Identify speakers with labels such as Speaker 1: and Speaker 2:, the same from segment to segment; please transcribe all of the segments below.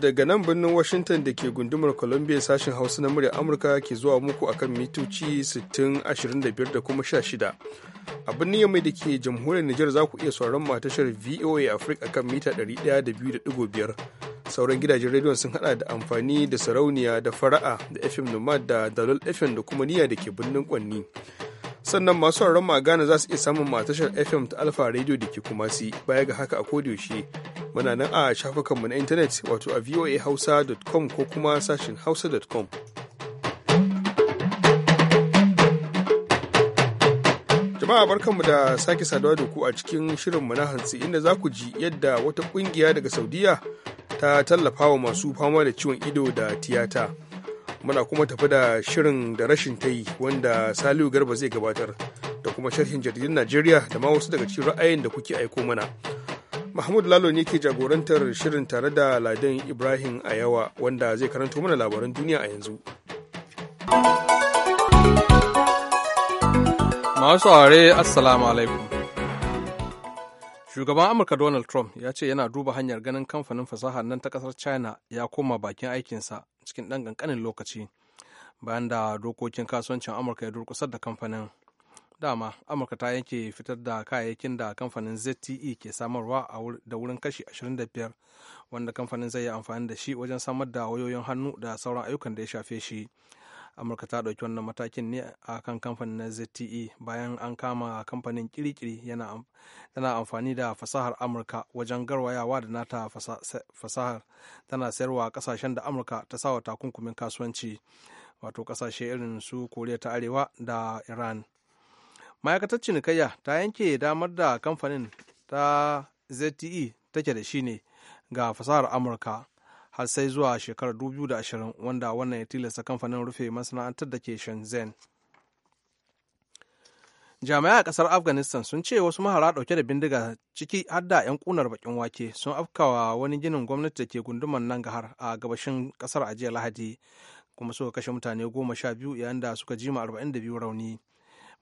Speaker 1: daga nan birnin Washington da ke gundumar Columbia sashen Hausa na murya Amurka ke zuwa muku akan mitoci 60, da kuma 16. A birnin yamai da ke jamhuriyar niger za ku iya sauran tashar VOA Africa kan mita 102.5. Sauran gidajen rediyon sun hada da amfani da sarauniya da fara'a da FM Nomad da Dalol FM da kuma niyya da ke birnin Kwanni. sannan masu auren magana za su iya samun matashar fm ta alfa radio da ke kuma si baya ga haka a kodiyoshi muna nan a shafukanmu na intanet wato a voahausa.com ko kuma sashin hausa.com jama'a barkanmu da sake saduwa da ku a cikin shirin na hantsi inda za ku ji yadda wata kungiya daga saudiya ta tallafa wa masu fama da ciwon ido da tiyata muna kuma tafi da shirin da rashin ta yi wanda saliu garba zai gabatar da kuma sharhin jaridun najeriya da ma wasu daga cikin ra'ayin da kuke aiko mana mahmud lalo ne ke jagorantar shirin tare da ladan ibrahim ayawa wanda zai karanto mana labaran duniya a yanzu
Speaker 2: masu aure assalamu shugaban amurka donald trump ya ce yana duba hanyar ganin kamfanin fasahar nan ta kasar china ya koma bakin aikinsa cikin ɗan ƙanƙanin lokaci bayan da dokokin kasuwancin amurka ya durkusar da kamfanin dama amurka ta yanke fitar da kayayyakin da kamfanin zte ke samarwa da wurin kashi 25 wanda kamfanin zai yi amfani da shi wajen samar da wayoyin hannu da sauran ayyukan da ya shafe shi amurka ta ɗauki wannan matakin ne a kan kamfanin na zte bayan an kama kamfanin kirikiri yana amfani da fasahar amurka wajen garwayawa da nata fasahar tana sayarwa kasashen da amurka ta sawa takunkumin kasuwanci wato kasashe irin su koriya ta arewa da iran ma'aikatar cinikayya ta yanke damar da kamfanin ta zte take da shi ne ga fasahar amurka har sai zuwa shekarar 2020 wanda wannan ya tilasta kamfanin rufe masana'antar da ke shenzhen jamia a kasar afghanistan sun ce wasu mahara dauke da bindiga ciki har da 'yan kunar bakin wake sun afkawa wani ginin gwamnati da ke nan gahar a gabashin kasar a jiya lahadi kuma suka kashe mutane goma sha biyu yayin da suka jima arba'in da biyu rauni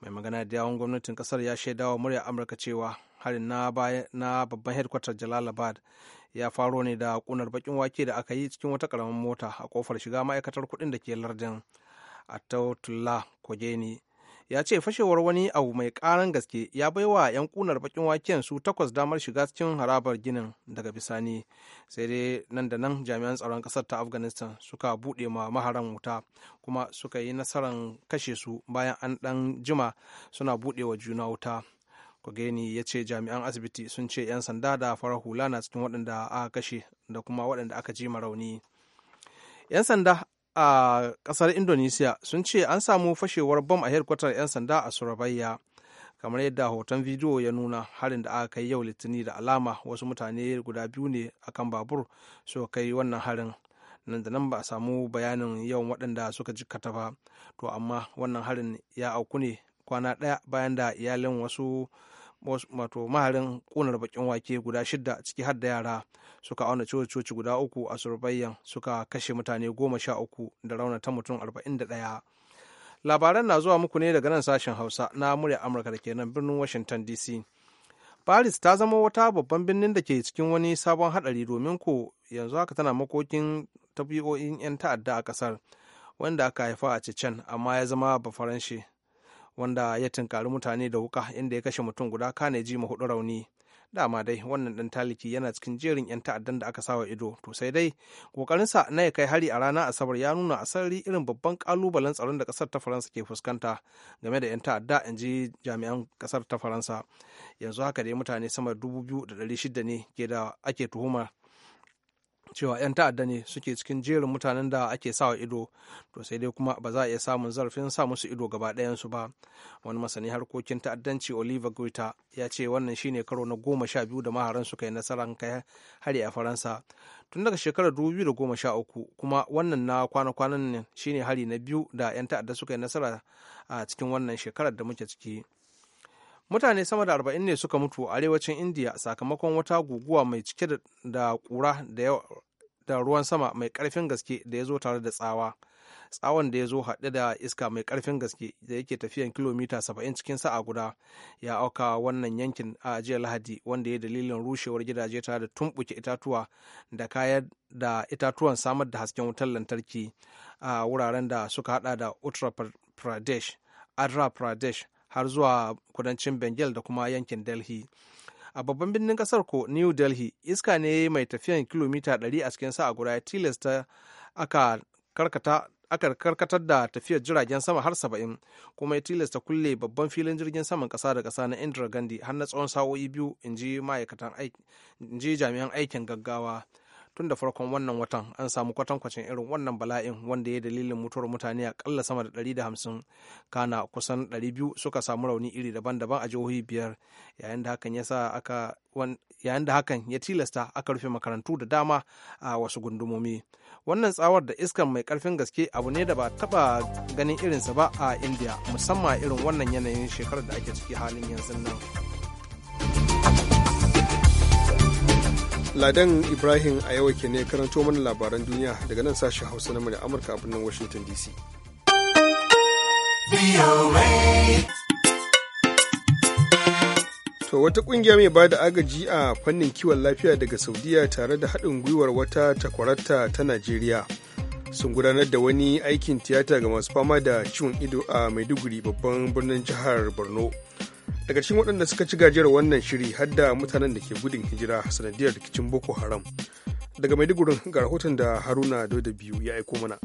Speaker 2: mai magana da yawon gwamnatin kasar ya shaidawa murya amurka cewa harin na babban headquarter jalalabad ya faro ne da kunar bakin wake da aka yi cikin wata karamin mota a kofar shiga ma'aikatar kuɗin da ke lardin atautullah kogeni ya ce fashewar wani abu mai karan gaske ya baiwa 'yan kunar bakin waken su takwas damar shiga cikin harabar ginin daga bisani sai dai nan da nan jami'an tsaron kasar ta afghanistan suka buɗe ma maharan wuta kuma suka yi nasarar kashe su bayan an ɗan jima suna buɗe wa juna wuta kogeni ya ce jami'an asibiti sun ce 'yan sanda da farar hula na cikin waɗanda aka kashe da kuma waɗanda aka ji rauni 'yan sanda a ƙasar indonesia sun ce an samu fashewar bom a hedkwatar 'yan sanda a surabaya kamar yadda hoton bidiyo ya nuna harin da aka kai yau litini da alama wasu mutane guda biyu ne akan babur suka kai wannan harin nan da nan ba a samu bayanin yawan waɗanda suka jikkata ba to amma wannan harin ya auku ne kwana ɗaya bayan da iyalin wasu wato maharin ƙunar bakin wake guda shida ciki har da yara suka auna coci guda uku a surbayyan suka kashe mutane goma sha uku da ta mutum arba'in da ɗaya labaran na zuwa muku ne daga nan sashen hausa na murya amurka da ke nan birnin washington dc paris ta zama wata babban birnin da ke cikin wani sabon haɗari domin ko yanzu haka tana makokin tabi'o'in 'yan ta'adda a ƙasar, wanda aka haifa a cecen amma ya zama bafaranshe wanda ya tunkari mutane da wuka inda ya kashe mutum guda kane ji ma hudu rauni dama dai wannan dan taliki yana cikin jerin 'yan ta'addan da aka sawa ido to sai dai kokarinsa na ya kai hari a rana asabar ya nuna asali irin babban kalubalen tsaron da kasar ta faransa ke fuskanta game da 'yan ta'adda in ji jami'an kasar ta faransa yanzu haka dai mutane sama da ɗari 2,600 ne ke da ake tuhuma cewa 'yan ta'adda ne suke cikin jerin mutanen da ake sawa ido to sai dai kuma ba za a iya samun zarafin sa musu ido gaba ɗayansu ba wani masani harkokin ta'addanci oliver guita ya ce wannan shine karo na goma sha biyu da maharan suka yi nasarar kai hari a faransa tun daga shekarar dubu biyu da goma sha uku kuma wannan na kwana-kwanan ne shine hari na biyu da 'yan ta'adda suka yi nasara a cikin wannan shekarar da muke ciki mutane sama da arba'in ne suka mutu a arewacin indiya sakamakon wata guguwa mai cike da kura da ruwan sama mai karfin gaske da ya zo tare da tsawa tsawon da ya zo haɗe da iska mai karfin gaske da yake tafiyan kilomita 70 cikin sa'a guda ya auka wannan yankin a jiya lahadi wanda ya dalilin rushewar gidaje tare da tumbuke itatuwa da kayan da itatuwan samar da hasken wutar lantarki a wuraren da suka haɗa da uttar pradesh adra pradesh har zuwa kudancin bengal da kuma yankin delhi a babban birnin kasar ko new delhi iska ne mai tafiyan kilomita 100 a cikin sa'a guda ya tilasta aka karkatar da tafiyar jiragen sama har saba'in kuma ya tilasta kulle babban filin jirgin saman kasa da kasa na indira gandhi har na tsawon sa'o'i biyu in ji jami'an aikin gaggawa tun da farkon wannan watan an samu kwatankwacin irin wannan bala'in wanda ya dalilin mutuwar mutane a ƙalla sama da 150 kana kusan 200 suka samu rauni iri daban-daban a jihohi biyar yayin da hakan ya yayin da hakan ya tilasta aka rufe makarantu da dama a wasu gundumomi wannan tsawar da iskan mai karfin gaske abu ne da ba taba ganin irinsa ba a india musamman irin wannan yanayin shekarar da ake ciki halin yanzu nan.
Speaker 1: Ladan Ibrahim a yawa ke ne karanto mana labaran duniya daga nan sashin Hausa na murya Amurka a birnin Washington DC. To wata kungiya mai ba da agaji a fannin kiwon lafiya daga Saudiya tare da haɗin gwiwar wata takwarata ta Najeriya sun gudanar da wani aikin tiyata ga masu fama da ciwon ido a Maiduguri babban birnin jihar Borno. daga cikin waɗanda suka ci gajiyar wannan shiri har da mutanen da ke gudun hijira sanadiyar rikicin boko haram daga maiduguri ga rahoton da haruna da biyu ya aiko mana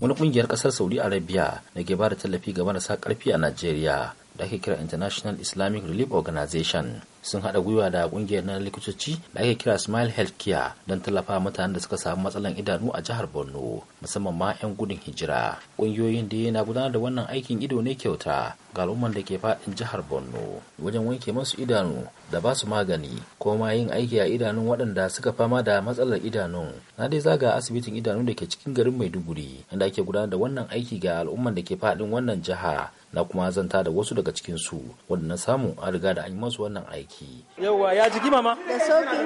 Speaker 1: wani kungiyar
Speaker 3: kasar saudi arabia na ke da tallafi ga marasa karfi a najeriya da ake kira international islamic relief organization sun haɗa gwiwa da kungiyar na likitoci da ake kira smile healthcare don tallafa mutanen da suka samu matsalan idanu a jihar borno musamman ma 'yan gudun hijira ƙungiyoyin da na gudanar da wannan aikin ido ne kyauta ga al'umman da ke faɗin jihar borno wajen wanke masu idanu da ba su magani ko ma yin aiki a idanun waɗanda suka fama da matsalar idanun na dai zaga asibitin idanu da ke cikin garin maiduguri inda ake gudanar da wannan aiki ga al'umman da ke faɗin wannan jiha na kuma zanta da wasu daga cikin su wanda na samu an riga da an yi masu wannan aiki
Speaker 4: yawa ya jiki mama da sauki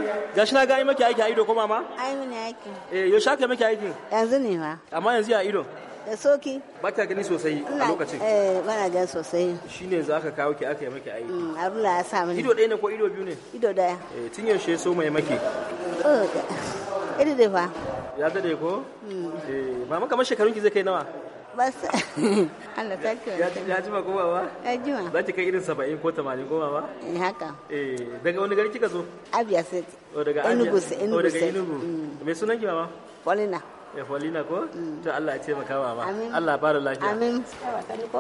Speaker 4: shi na ga maki aiki a ido ko mama ai mun aiki eh yo aka maki aiki yanzu ne ma amma yanzu ya ido da soki ba ta gani sosai a lokacin eh bana gani sosai shine za ka kawo ki aka yi maki aiki mm, Abdullahi ya sa mini ido ɗaya ne ko ido biyu ne ido ɗaya eh tun yaushe so mai maki eh oh, ido da fa ya daɗe ko mm. eh mama kamar shekarun ki zai kai nawa tabbas Allah ta sarki ya ji goma komawa? ya ji jima za ki kai irin saba'in ko tamanin goma ba eh haka eh daga wani gari kika zo abia state o oh, daga abia oh, enugu enugu mm. me sunan ki mama paulina Efolina ko mm. to Allah ya taimaka mama Allah ya da lafiya amin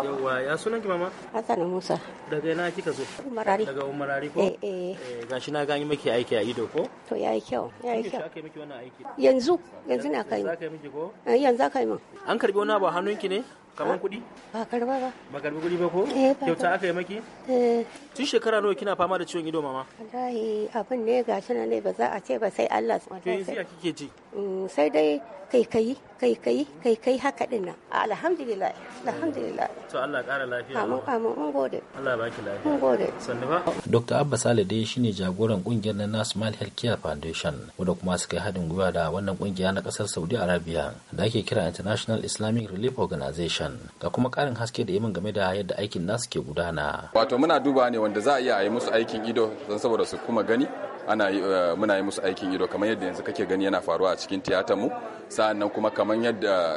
Speaker 4: yawa ya sunan ki mama Hassan Musa daga ina kika zo Umarari daga Umarari ko eh eh, eh gashi na gani miki aiki a ido ko to yayi kyau yayi kyau kike miki wannan aiki yanzu yanzu na kai za ka yi miki ko Eh yanzu za ka yi min an karbi wani abu hannunki ne kaman kuɗi? Ba karba ba. Ba karbi kuɗi ba ko? Eh, Kyauta aka yi maki? Eh. Tun shekara nawa kina fama da ciwon ido mama? Wallahi abin ne ga shi ne ba za a ce ba sai Allah su mata. Yanzu ya kike ji? Mm, sai dai kai kai kai kai kai kai haka din nan. Alhamdulillah. Alhamdulillah. To Allah ƙara lafiya. Amin amin mun gode. Allah ba ki lafiya. Mun gode. Sannu ba.
Speaker 3: Dr. Abba Sale dai shine jagoran kungiyar na National Healthcare Foundation wanda kuma suka yi haɗin gwiwa da wannan kungiya na ƙasar Saudi Arabia da ake kira International Islamic Relief Organization. kenan ga kuma karin haske da yamin game da yadda aikin nasu ke gudana
Speaker 5: wato muna duba ne wanda za a iya yi musu aikin ido don saboda su kuma gani ana eh, muna yi musu aikin ido kamar yadda yanzu kake gani yana faruwa a cikin tiyatar mu sa'annan kuma kamar yadda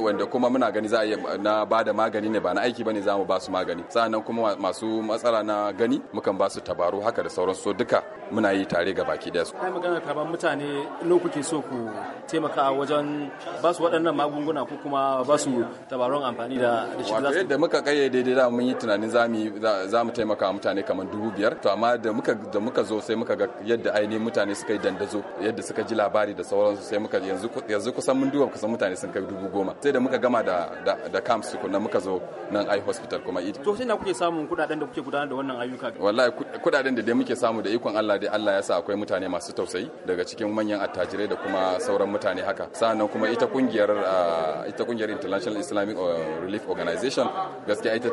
Speaker 5: wanda kuma muna gani za a yi na ba da magani ne ba na aiki bane za mu ba su magani sa'annan kuma masu matsala na gani mukan ba su tabaru haka da sauran so duka muna yi tare ga baki daya su
Speaker 4: kai magana karban mutane no kuke so ku taimaka wajen ba su waɗannan magunguna ko kuma ba su tabarun amfani da shi wato yadda
Speaker 5: muka kai daidai da mun yi tunanin za mu taimaka mutane kamar dubu biyar to amma da muka zo sai muka ga yadda ainihin mutane suka yi dandazo yadda suka ji labari da sauransu sai muka yanzu yanzu kusan mun duba kusan mutane sun kai dubu goma sai da muka gama da da camps tukunna muka zo nan ai hospital kuma ita to sai na kuke samun kudaden da kuke gudanar da wannan ayyuka wallahi kudaden da dai muke samu da ikon Allah dai Allah ya sa akwai mutane masu tausayi daga cikin manyan attajirai da kuma sauran mutane haka sannan kuma ita kungiyar ah, ita kungiyar International Islamic ah, Relief Organization gaskiya ita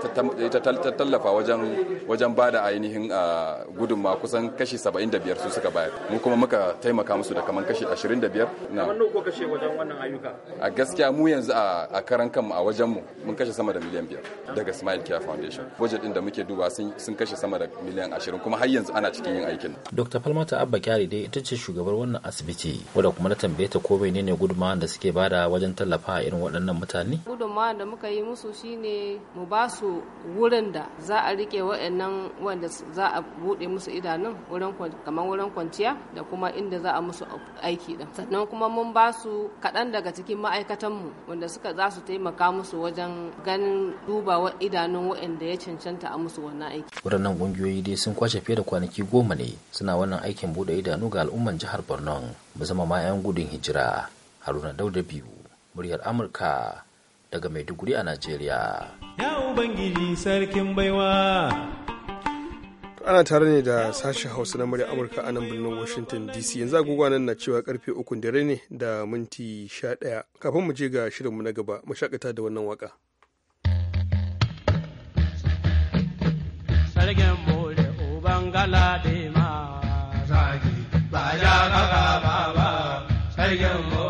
Speaker 5: ta tallafa wajen wajen bada ainihin ah, gudunma kusan kashi 75 biyar su suka bayar mu kuma muka taimaka musu da kaman kashi ashirin da biyar na
Speaker 4: kashe wajen wannan ayyuka
Speaker 5: a gaskiya mu yanzu a karan kanmu a wajen mu mun kashe sama da miliyan biyar daga Smile Care Foundation budget din da muke duba sun kashe sama da miliyan ashirin kuma har yanzu ana cikin yin aikin
Speaker 3: Dr. Falmata Abba Kyari dai ita ce shugabar wannan asibiti wadda kuma na tambaye ta ko menene gudunmawa da suke bada wajen tallafa irin waɗannan mutane gudunmawa da muka yi musu shine mu ba su wurin da za a rike waɗannan wanda za a buɗe musu idanun wurin kamar kamar wurin kwanciya da kuma inda za a musu aiki din sannan kuma mun ba su kaɗan daga cikin ma'aikatanmu wanda suka za su taimaka musu wajen ganin wa idanun waɗanda ya cancanta a musu wannan aiki waɗannan ƙungiyoyi dai sun kwashe fiye da kwanaki goma ne suna wannan aikin buɗe idanu ga al'ummar jihar borno musamman ma 'yan gudun hijira haruna dauda biyu muryar amurka daga maiduguri a najeriya
Speaker 1: ya ubangiji sarkin baiwa ana tare ne da sashen hausa na murya amurka a nan birnin washington dc yanzu agogo nan na cewa karfe uku dare ne da minti sha ɗaya kafin mu je ga shirinmu na gaba mu shakata da wannan waka
Speaker 6: sarkin bole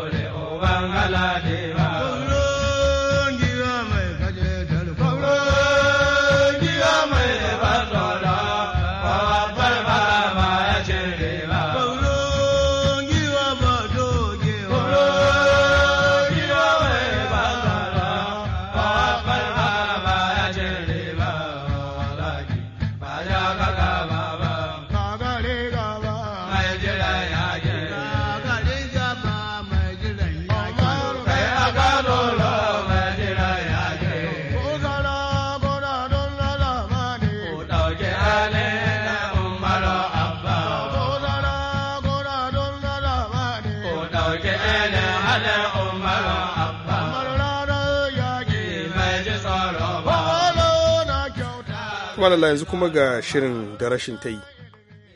Speaker 1: malala yanzu kuma ga shirin da rashin ta yi.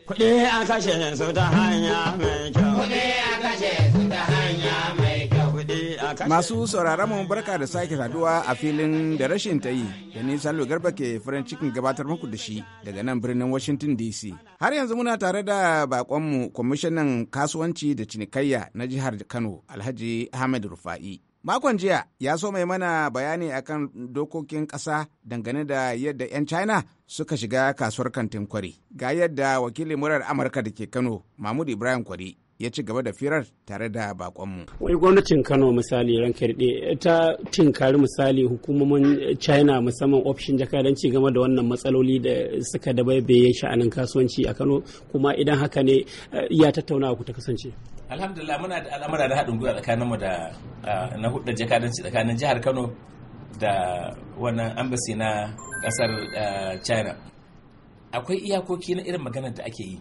Speaker 2: Kuɗi a kashe yanzu ta hanya mai
Speaker 4: kyau. Kuɗi a kashe yanzu ta hanya mai
Speaker 2: kyau. Masu sauraron mu barka da sake saduwa a filin da rashin ta yi da ni Salo Garba ke farin cikin gabatar muku da shi daga nan birnin Washington DC. Har yanzu muna tare da bakonmu kwamishinan kasuwanci da cinikayya na jihar Kano Alhaji Ahmed Rufa'i. Makon jiya ya so mai mana bayani akan dokokin ƙasa dangane da yadda 'yan China suka shiga kasuwar kantin kwari. Ga yadda wakilin murar Amurka da ke Kano, Mahmud Ibrahim Kwari, ya ci gaba da firar tare da bakonmu. Wai
Speaker 6: gwamnatin Kano misali ran karɗe ta tinkari misali hukumomin China musamman ofishin jakadanci game da wannan matsaloli da suka dabaibaye sha'anin kasuwanci a Kano kuma idan haka ne eh, ya tattauna ku ta kasance.
Speaker 7: alhamdulillah muna da al'amura da haɗin gwiwa tsakanin mu da na hudu jakadanci tsakanin jihar kano da wannan ambasi na ƙasar china akwai iyakoki na irin magana da ake yi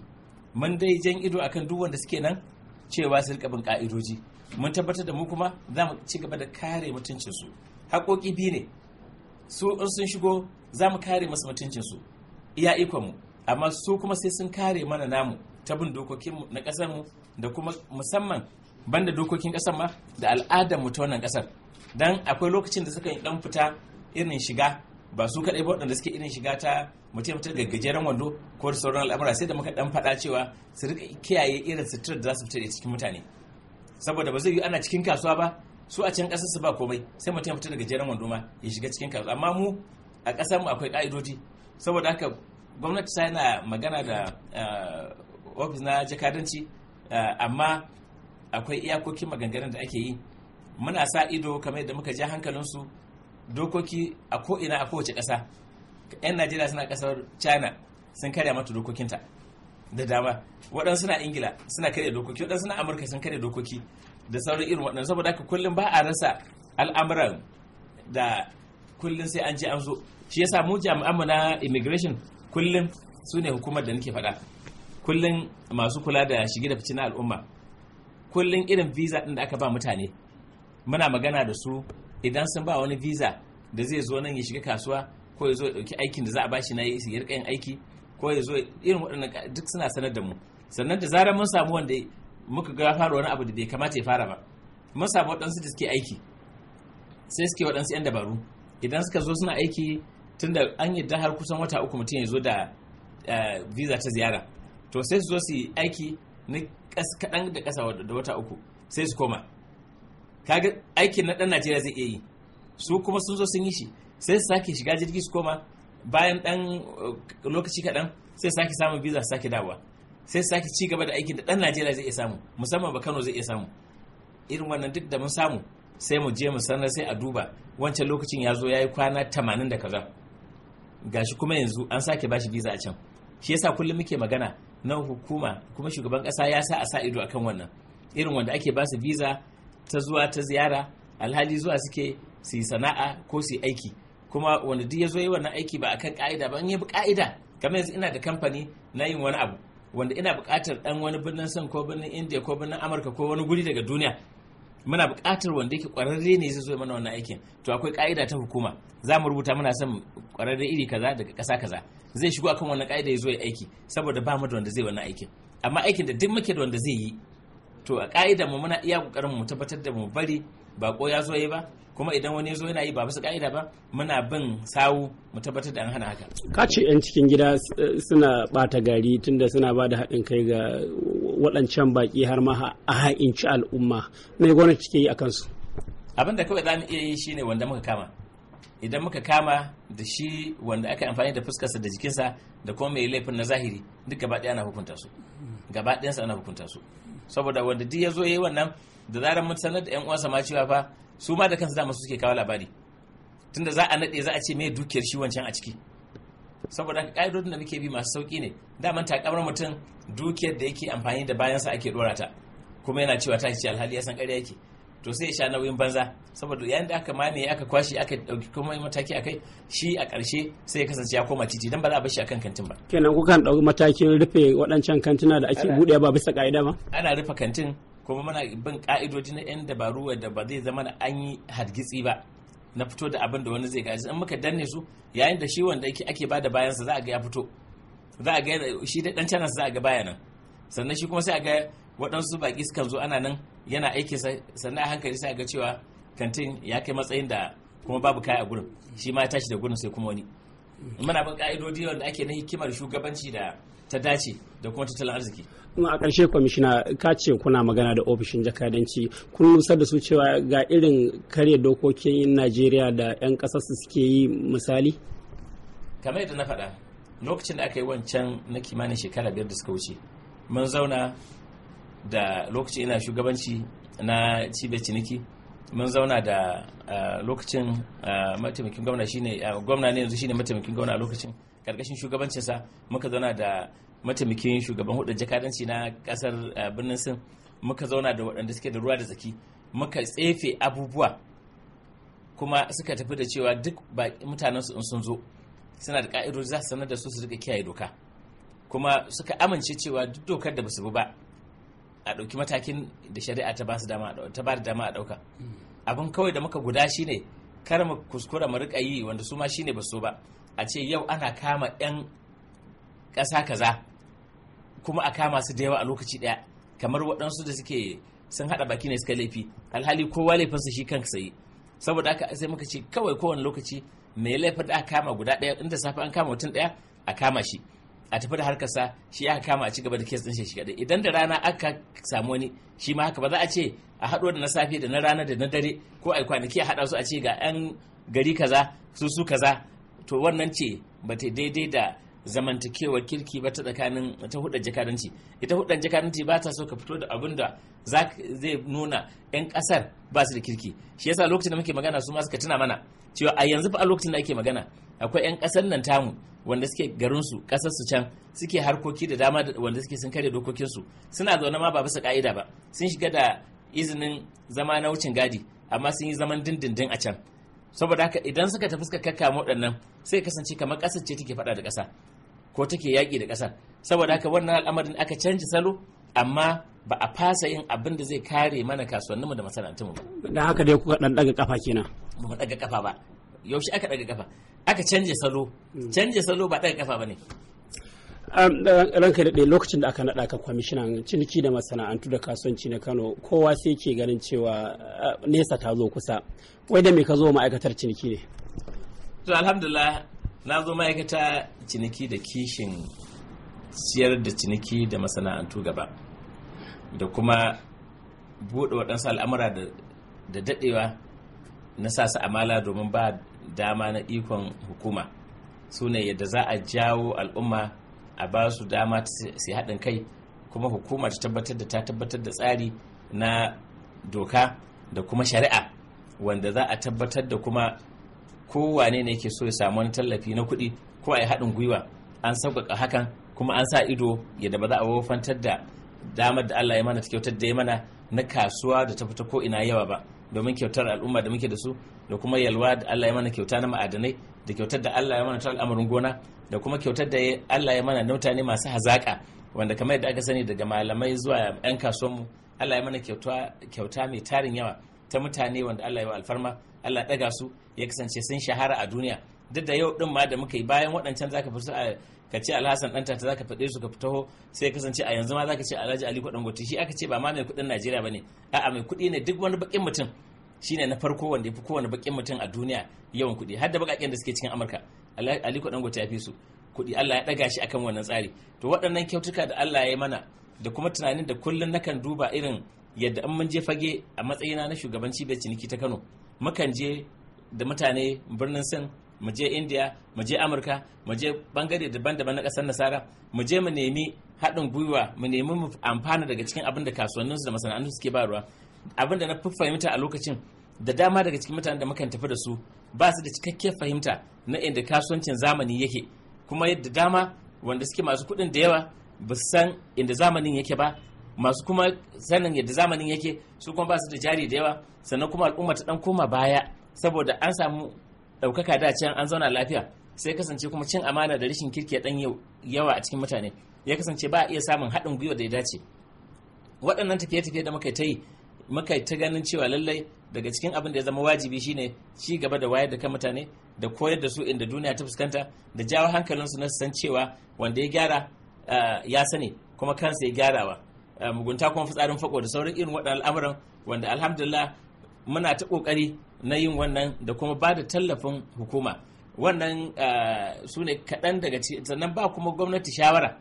Speaker 7: mun dai jan ido akan duk wanda suke nan cewa su rika bin ka'idoji mun tabbatar da mu kuma za mu ci gaba da kare mutuncinsu haƙoƙi biyu ne su in sun shigo za mu kare masu mutuncinsu iya ikonmu amma su kuma sai sun kare mana namu ta bin dokokinmu na ƙasarmu da kuma musamman banda dokokin kasar ma da al'adar mu ta wannan kasar dan akwai lokacin da suka yi dan fita irin shiga ba su kadai ba waɗanda suke irin shiga ta mutum ta gaggajeren wando ko da sauran al'amura sai da muka dan faɗa cewa su rika kiyaye irin sutura da za su fita da cikin mutane saboda ba zai yi ana cikin kasuwa ba su a can ƙasar su ba komai sai mutum ya fita da gajeren wando ma ya shiga cikin kasuwa amma mu a ƙasar mu akwai ka'idoji saboda haka gwamnati ta yana magana da eh, ofis na jakadanci Eh, amma akwai iyakokin maganganun da ake yi muna sa ido kamar yadda muka ja hankalinsu dokoki a ko'ina a kowace ƙasa 'yan najeriya suna ƙasar china sun karya mata dokokinta da dama waɗansu suna ingila suna karya dokoki waɗansu suna amurka sun karya dokoki da sauran irin waɗansu saboda haka kullum ba a rasa al'amuran da kullum sai an je an zo shi yasa mu jami'anmu na immigration kullum su ne hukumar da nake faɗa kullum masu kula da shige da fice na al'umma kullum irin visa din da aka ba mutane muna magana da su idan sun ba wani visa da zai zo nan ya shiga kasuwa ko ya zo ya dauki aikin da za a shi na ya rika yin aiki ko ya zo irin waɗannan duk suna sanar da mu sannan da zarar mun samu wanda muka ga fara wani abu da bai kamata ya fara ba mun samu waɗansu da suke aiki sai suke waɗansu 'yan dabaru idan suka zo suna aiki tunda an yadda har kusan wata uku mutum ya zo da eh, visa ta ziyara to sai su zo su yi aiki na kaɗan da ƙasa da wata uku sai su koma kaga aikin na ɗan najeriya zai iya yi su kuma sun zo sun yi shi sai su sake shiga jirgi su koma bayan ɗan uh, lokaci kaɗan sai su sake samun visa su sake dawowa sai su sake ci gaba da aikin da dan najeriya zai iya samu musamman ba kano zai iya samu irin wannan duk da mun samu sai mu je mu sanar sai a duba wancan lokacin ya zo ya yi kwana tamanin da kaza gashi kuma yanzu an sake bashi visa a can shi yasa kullum muke magana na hukuma kuma shugaban kasa ya sa a sa ido akan wannan irin wanda ake ba su visa ta zuwa ta ziyara alhali zuwa suke su yi sana'a ko su yi aiki kuma wanda duk ya zo yi wannan aiki ba akan ka'ida ba in ya bi ka'ida kamar yanzu ina da kamfani na yin wani abu wanda ina buƙatar ɗan wani birnin san ko birnin indiya ko birnin amurka ko wani guri daga duniya muna buƙatar wanda yake ƙwararre ne zai zo mana wannan aikin to akwai ƙa'ida ta hukuma za mu rubuta muna son ƙwararre iri kaza daga ƙasa kaza zai shigo akan wannan ƙa'ida ya zo ya aiki saboda ba mu da wanda zai wannan aikin amma aikin da duk muke da wanda zai yi to a ƙa'ida mu muna iya ƙoƙarin mu tabbatar da mu bari ba ko ya zo yi ba kuma idan wani zo yana yi ba bisa ka'ida ba muna bin sawu mu tabbatar da an hana haka
Speaker 6: ka ce yan cikin gida eh, suna bata gari tunda suna ba da haɗin kai ga waɗancan baki har ma a ha'inci al'umma me gwamnati ke yi a kansu
Speaker 7: abin da kawai za mu iya yi shine wanda muka kama idan muka kama da shi wanda aka amfani da fuskarsa da jikinsa da kuma mai laifin na zahiri duk gaba ɗaya ana hukunta su gaba ɗayansa ana hukunta su saboda wanda duk ya zo ya yi wannan da zarar mun sanar da yan uwansa ma cewa fa su ma da kansu dama suke kawo labari tunda za a naɗe za a ce me dukiyar shi wancan a ciki saboda haka ka'idodin da muke bi masu sauki ne daman takamar mutum dukiyar da yake amfani da bayansa ake dora ta kuma yana cewa ta ce alhali ya san ƙarya yake to sai ya sha nauyin banza saboda yayin da aka mane aka kwashi aka dauki kuma mataki akai shi a ƙarshe sai ya kasance ya koma titi dan ba za a bar shi akan kantin ba
Speaker 6: kenan kukan dauki matakin rufe waɗancan kantina da ake buɗe ba bisa ka'ida ba
Speaker 7: ana rufe kantin kuma muna bin ka'idoji na 'yan dabaru wadda ba zai zama an yi hargitsi ba na fito da abin da wani zai gaji in muka danne su yayin da shi wanda ake bada bayansa za a ga ya fito za a ga shi da dan canansa za a ga bayanan sannan shi kuma sai a ga waɗansu baƙi sukan zo ana nan yana aiki sannan a hankali sai a ga cewa kantin ya kai matsayin da kuma babu kaya a gurin shi ma ya tashi da gurin sai kuma wani muna bin ka'idodi wanda ake na hikimar shugabanci da ta dace da kuma tattalin arziki
Speaker 6: a ƙarshe kwamishina ka ce kuna magana da ofishin jakadanci kun nusar da su cewa ga irin karya dokokin najeriya da 'yan su suke yi misali
Speaker 7: kamar yadda na faɗa lokacin da aka yi wancan na kimanin shekara biyar da suka wuce mun zauna da lokacin ina shugabanci na cibiyar ciniki mun zauna da eh, lokacin eh, mataimakin gwamna shine eh, gwamna ne yanzu shine mataimakin gwamna a lokacin karkashin shugabancinsa muka zauna da mataimakin shugaban hudu jakadanci na kasar eh, birnin sin muka zauna da waɗanda suke da ruwa da tsaki muka tsefe abubuwa kuma suka tafi da cewa duk mutanensu in sun zo suna da ka'idoji za su sanar da su su rika kiyaye doka kuma suka amince cewa duk dokar da ba su bi ba a ɗauki matakin da shari'a ta ba da dama a ɗauka hmm. abin kawai da muka guda shine kar mu kuskura mu rika yi wanda su ma shine ba su ba a ce yau ana kama 'yan ƙasa kaza kuma a kama su da yawa a lokaci ɗaya kamar waɗansu da suke sun haɗa baki ne suka laifi alhali kowa laifinsa shi kanka sayi saboda haka sai muka ce kawai kowane lokaci mai laifin da aka kama guda ɗaya inda safe an kama mutum ɗaya a kama shi a tafi da harkarsa shi aka kama a ci gaba da kes ɗin shi kaɗai idan da rana aka samu wani shi ma haka ba za a ce a haɗo da na safe da na rana da na dare ko a kwanaki a haɗa su a ce ga 'yan gari kaza su su kaza to wannan ce ba ta daidai da zamantakewar kirki ba ta tsakanin ta hudar jakadanci ita hudar jakadanci ba ta so ka fito da abin da zai nuna yan kasar ba su da kirki shi yasa lokacin da muke magana su ma suka tuna mana cewa a yanzu fa a lokacin da ake magana akwai yan kasar nan tamu wanda suke garin su kasar su can suke harkoki da dama wanda suke sun kare dokokin su suna zaune ma ba bisa ka'ida ba sun shiga da izinin zama na wucin gadi amma sun yi zaman dindindin a can saboda haka idan suka tafi suka kakkama waɗannan sai kasance kamar ƙasar ce take faɗa da ƙasa ko take yaƙi da ƙasa saboda haka wannan al'amarin aka canji salo amma ba a fasa yin abin da zai kare mana kasuwanninmu da masana'antunmu
Speaker 6: ba da haka dai kuka ɗan ɗaga kafa kenan
Speaker 7: ba mu ɗaga kafa ba yaushe aka ɗaga kafa aka canje salo hmm. canje salo ba ɗaga kafa ba ne
Speaker 6: ranka daɗe lokacin da aka naɗa ka kwamishinan ciniki da masana'antu da kasuwanci na kano kowa sai ke ganin cewa nesa ta zo kusa wai da me ka zo ma'aikatar ciniki ne
Speaker 7: to alhamdulillah na zo ma'aikata ciniki da kishin siyar da ciniki da masana'antu gaba da kuma buɗe waɗansu al'amura da daɗewa na sa su amala domin ba dama na ikon hukuma su ne yadda za a jawo al'umma a ba su dama su haɗin kai kuma hukuma ta tabbatar da ta tabbatar da tsari na doka da kuma shari'a wanda za a tabbatar da kuma kowane ne ke so ya samu wani tallafi na kuɗi ko a yi haɗin gwiwa an sauƙaƙa hakan kuma an sa ido yadda ba za a wofantar da damar da Allah ya mana ta kyautar da ya mana na kasuwa da ta fita ko ina yawa ba domin kyautar al'umma da muke da su da kuma yalwa da Allah ya mana kyauta na ma'adanai da kyautar da Allah ya mana ta al'amarin gona da kuma kyautar da Allah ya mana na mutane masu hazaka wanda kamar yadda aka sani daga malamai zuwa 'yan kasuwanmu Allah ya mana kyauta mai tarin yawa ta mutane wanda Allah ya wa alfarma Allah ɗaga su ya kasance sun shahara a duniya duk da yau din ma da muka yi bayan waɗancan zaka fi ka ce alhassan ɗan tata zaka faɗe su ka fito sai kasance a yanzu ma zaka ce alhaji aliko gote shi aka ce ba ma mai kuɗin najeriya ba ne a'a mai kuɗi ne duk wani baƙin mutum shine na farko wanda ya fi kowane bakin mutum a duniya yawan kuɗi har da baƙaƙen da suke cikin amurka aliko dangote ya fi su kuɗi Allah ya ɗaga shi akan wannan tsari to waɗannan kyautuka da Allah ya mana da kuma tunanin da kullum nakan duba irin yadda an mun je fage a matsayina na shugabanci cibiyar ciniki ta Kano mukan je da mutane birnin Sin mu je India mu je Amurka mu je bangare daban-daban na ƙasar Nasara mu je mu nemi haɗin gwiwa mu nemi mu amfana daga cikin abin da kasuwanninsu da masana'antu suke bayarwa abin da na fahimta a lokacin da dama daga cikin mutane da mukan tafi da su ba su da cikakkiyar fahimta na inda kasuwancin zamani yake kuma yadda dama wanda suke masu kuɗin da yawa ba su san inda zamanin yake ba masu kuma sanin yadda zamanin yake su kuma ba su da jari da yawa sannan kuma al'umma ta dan koma baya saboda an samu ɗaukaka da can an zauna lafiya sai kasance kuma cin amana da rashin kirki dan yawa a cikin mutane ya kasance ba a iya samun haɗin gwiwa da ya dace waɗannan tafiye-tafiye da muka ta yi muka ta ganin cewa lallai daga cikin abin da ya zama wajibi shine ci gaba da wayar da kan mutane da koyar da su inda duniya ta fuskanta da jawo hankalinsu na san cewa wanda ya gyara ah, ya sani kuma kansa ya gyarawa ah, mugunta kuma fitsarin fako da sauran irin waɗannan al'amuran wanda alhamdulillah muna ta ƙoƙari na yin wannan da kuma ba da tallafin hukuma wannan ah, su ne kaɗan daga sannan ba kuma gwamnati shawara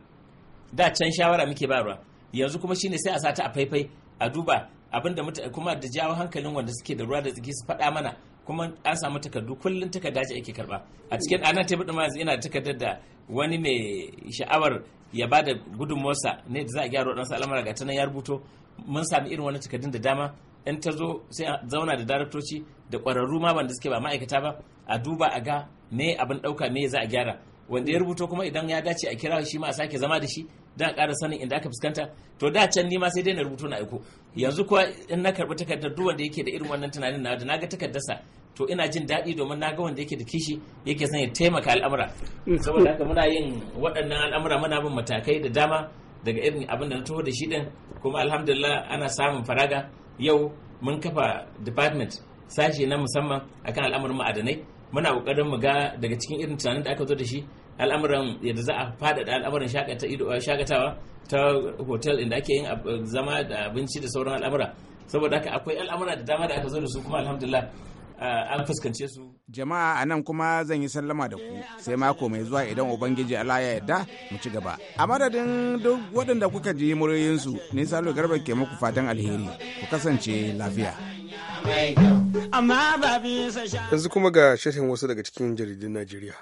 Speaker 7: da can shawara muke ba yanzu kuma shine sai a sata a faifai a duba Abin da abinda kuma da jawo hankalin wanda suke da ruwa da tsaki su faɗa mana kuma an samu takardu kullum takarda ce ake karba a cikin ana tebur ma yanzu ina takardar da wani mai sha'awar ya ba da gudunmuwarsa ne da za a gyara waɗansu al'amura ga ta nan ya rubuto mun sami irin wani takardun da dama in ta zo sai a zauna da daraktoci da ƙwararru ma wanda suke ba ma'aikata ba a duba a ga me abin ɗauka me za a gyara wanda ya rubuto kuma idan ya dace a kira shi ma a sake zama da shi da ƙara sanin inda aka fuskanta to da can nima sai dai na rubutu na aiko yanzu kuwa in na karɓi takardar duk wanda yake da irin wannan tunanin na da naga takardarsa to ina jin daɗi domin na ga wanda yake da kishi yake son ya taimaka al'amura saboda haka muna yin waɗannan al'amura muna bin matakai da dama daga irin abin da na taho da shi din kuma alhamdulillah ana samun faraga yau mun kafa department sashe na musamman akan al'amuran ma'adanai muna kokarin mu ga daga cikin irin tunanin da aka zo da shi al'amuran yadda za a faɗaɗa al'amuran shakatawa ta hotel inda ake yin zama da abinci da sauran al'amura saboda haka akwai al'amura da dama da aka zo da su kuma alhamdulillah an fuskance su.
Speaker 2: Jama'a a nan kuma zan yi sallama da ku sai mako mai zuwa idan Ubangiji Allah ya yarda mu ci gaba. A madadin duk waɗanda kuka ji muryoyinsu ni Salo Garba ke muku fatan alheri ku kasance lafiya.
Speaker 1: Yanzu kuma ga shashin wasu daga cikin jaridun Najeriya.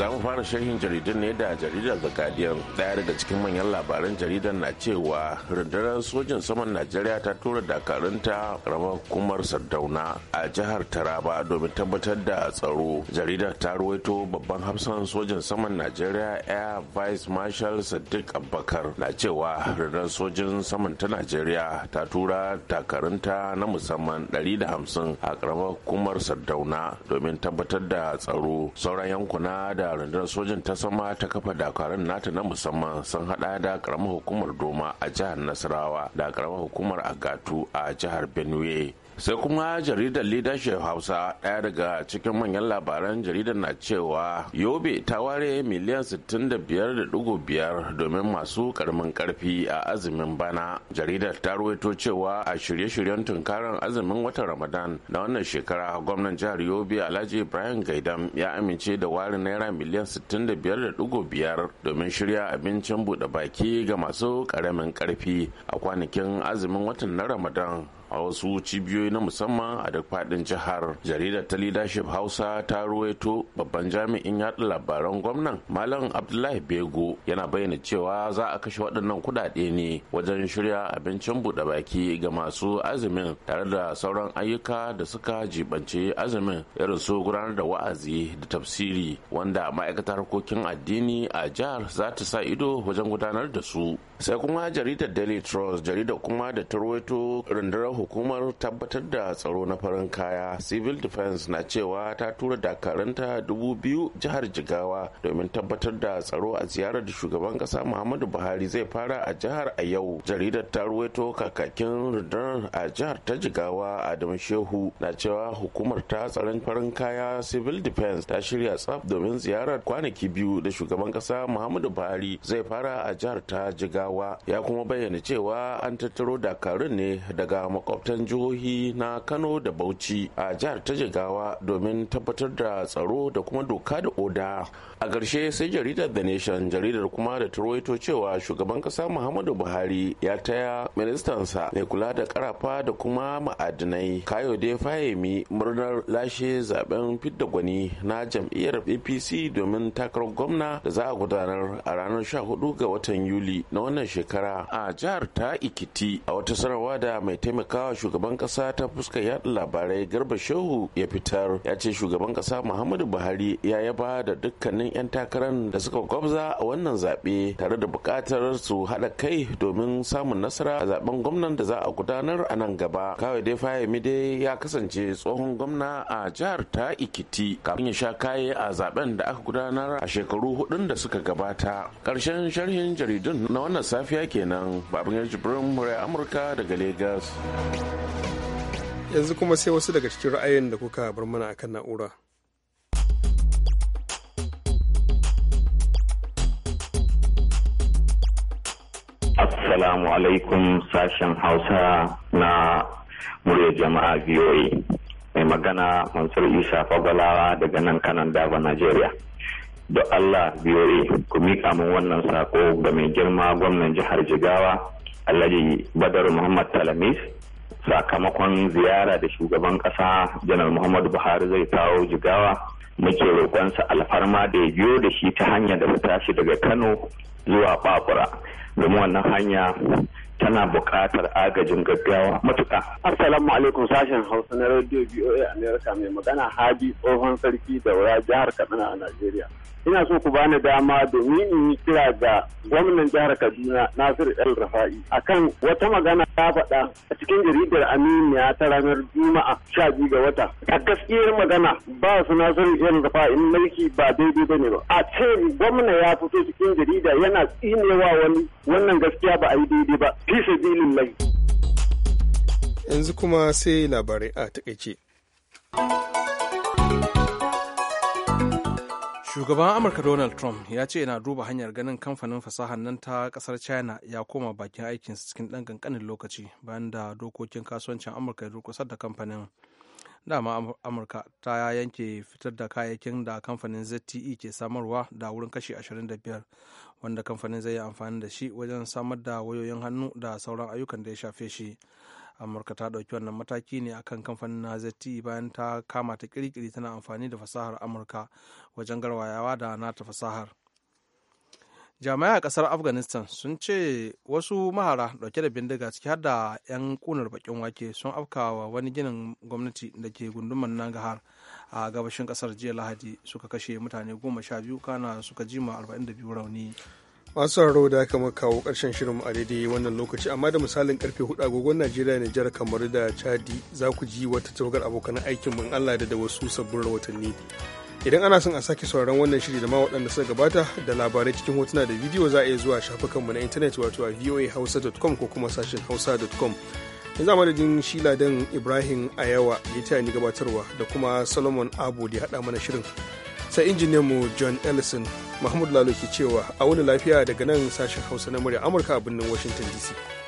Speaker 8: za mu fara sharhin jaridun ne da jaridar da Guardian. Daya daga cikin manyan labaran jaridar na cewa rundunar sojin saman Najeriya ta tura dakarunta ramar kumar Sardauna a jihar Taraba domin tabbatar da tsaro. Jaridar ta ruwaito babban hafsan sojin saman Najeriya Air Vice Marshal Sadiq Abubakar na cewa rundunar sojin saman ta Najeriya ta tura dakarunta na musamman da hamsin a karamar kumar Sardauna domin tabbatar da tsaro sauran yankuna da da rundunar sojan ta sama ta kafa dakarun nata na musamman sun hada da karamar hukumar doma a jihar nasarawa da karamar hukumar agatu a jihar benue sai kuma jaridar leadership hausa ɗaya daga cikin manyan labaran jaridar na cewa yobe ta ware miliyan 65.5 domin masu karamin karfi a azumin bana jaridar ta ruwaito cewa a shirye-shiryen tunkarar azumin watan ramadan na wannan shekara gwamnan jihar yobe alhaji ibrahim gaidam ya amince da ware naira miliyan 65.5 domin shirya abincin bude baki ga masu karamin karfi a kwanakin azumin watan na ramadan a wasu cibiyoyi na musamman a duk faɗin jihar jaridar ta leadership hausa ta ruwaito babban jami'in yaɗa labaran gwamnan malam abdullahi bego yana bayyana cewa za a kashe waɗannan kuɗaɗe ne wajen shirya abincin buɗe baki ga masu azumin tare da sauran ayyuka da suka jibanci azumin irin su gudanar da wa'azi da tafsiri wanda ma'aikatar harkokin addini a jihar za ta sa ido wajen gudanar da su sai kuma jaridar daily trust jaridar kuma da ta ruwaito rundunar hukumar tabbatar da tsaro na farin kaya civil defense na cewa ta tura dakaranta dubu biyu jihar jigawa domin tabbatar da tsaro a ziyarar da shugaban kasa muhammadu buhari zai fara a jihar a yau jaridar ta ruwaito kakakin rundunar a jihar ta jigawa adamu shehu na cewa hukumar ta tsaron farin kaya civil defense ta shirya tsaf domin ziyarar kwanaki biyu da shugaban kasa muhammadu buhari zai fara a jihar ta jigawa ya kuma bayyana cewa an tattaro dakarun ne daga makwabtan jihohi na kano da bauchi a jihar ta jigawa domin tabbatar da tsaro da kuma doka da oda a ƙarshe sai jaridar the nation jaridar kuma da rawaito cewa shugaban ƙasa muhammadu buhari ya taya ministansa mai kula da karafa da kuma ma'adinai kayo kayode fahimi murnar lashe zaben fidda gwani na jam'iyyar apc domin takarar gwamna da za a gudanar a ranar 14 ga watan yuli na wannan shekara a jihar ta ikiti a wata sanarwa da mai taimaka sawa shugaban kasa ta fuskar yada labarai garba shehu ya fitar ya ce shugaban kasa muhammadu buhari ya yaba da dukkanin 'yan takarar da suka gwabza a wannan zaɓe tare da buƙatar su haɗa kai domin samun nasara a zaben gwamnan da za a gudanar a nan gaba kawai dai fahimi dai ya kasance tsohon gwamna a jihar ta ikiti kafin ya sha kaye a zaben da aka gudanar a shekaru hudun da suka gabata ƙarshen sharhin
Speaker 1: jaridun na wannan safiya kenan babin jibrin murai amurka daga Legas. yanzu kuma sai wasu daga cikin ra'ayin da kuka bar mana akan na'ura
Speaker 8: Assalamu alaikum sashen Hausa na murya jama'a VOA. Mai magana Mansur Isa Fagalawa daga nan kanan Daba, Najeriya. Da Allah VOA ku miƙa min wannan sako ga mai girma gwamnan jihar Jigawa, Alhaji Badar Muhammad Talamis sakamakon ziyara da shugaban kasa janar muhammadu buhari zai kawo jigawa muke roƙonsa alfarma da ya biyo da shi ta hanyar da ta tashi daga kano zuwa babura domin wannan hanya tana buƙatar agajin gaggawa matuƙa. Assalamu alaikum sashen Hausa na Radio BOA America mai magana Habi tsohon sarki daura jihar Kaduna a Najeriya. Ina so ku bani dama domin in yi kira ga gwamnan jihar Kaduna Nasir El Rafa'i akan wata magana ta faɗa a cikin jaridar Aminiya ta ranar Juma'a sha biyu ga wata. A gaskiyar magana ba su Nasir El Rafa'i mulki ba daidai ba ne ba. A ce gwamna ya fito cikin jarida yana tsinewa wani wannan gaskiya ba a yi daidai ba.
Speaker 1: yanzu kuma sai labarai a takaice
Speaker 2: shugaban amurka donald trump ya ce yana duba hanyar ganin kamfanin fasahar nan ta kasar china ya koma bakin aikinsa cikin ɗan ƙanƙanin lokaci bayan da dokokin kasuwancin amurka ya durkusar da kamfanin dama amurka ta yanke fitar da kayayyakin da kamfanin zte ke samarwa da wurin kashi 25 wanda kamfanin zai yi amfani da shi wajen samar da wayoyin hannu da sauran ayyukan da ya shafe shi amurka ta ɗauki wannan mataki ne akan kamfanin na zeti bayan ta kama ta kirkiri tana amfani da fasahar amurka wajen garwayawa da nata fasahar jamia a kasar afghanistan sun ce wasu mahara dauke da bindiga ciki har da 'yan kunar bakin wake sun afkawa wani ginin gwamnati da ke gundumar nangahar a gabashin kasar jiya lahadi suka kashe mutane goma sha biyu kana suka jima 42 rauni
Speaker 1: masu sauraro da aka kawo karshen shirin a daidai wannan lokaci amma da misalin karfe hudu agogon najeriya nijar kamar da chadi za ku ji wata tawagar abokan aikin mun allah da da wasu sabbin rahotanni idan ana son a sake sauraron wannan shiri da ma waɗanda suka gabata da labarai cikin hotuna da bidiyo za a iya zuwa shafukanmu na intanet wato a voahausa.com ko kuma sashen hausa.com yanzu madadin shiladen ibrahim ayawa ya taya ni gabatarwa da kuma solomon abu da ya haɗa mana shirin sai mu john ellison mahmud lalo ke cewa a wani lafiya daga nan sashen hausa na murya amurka a birnin washington dc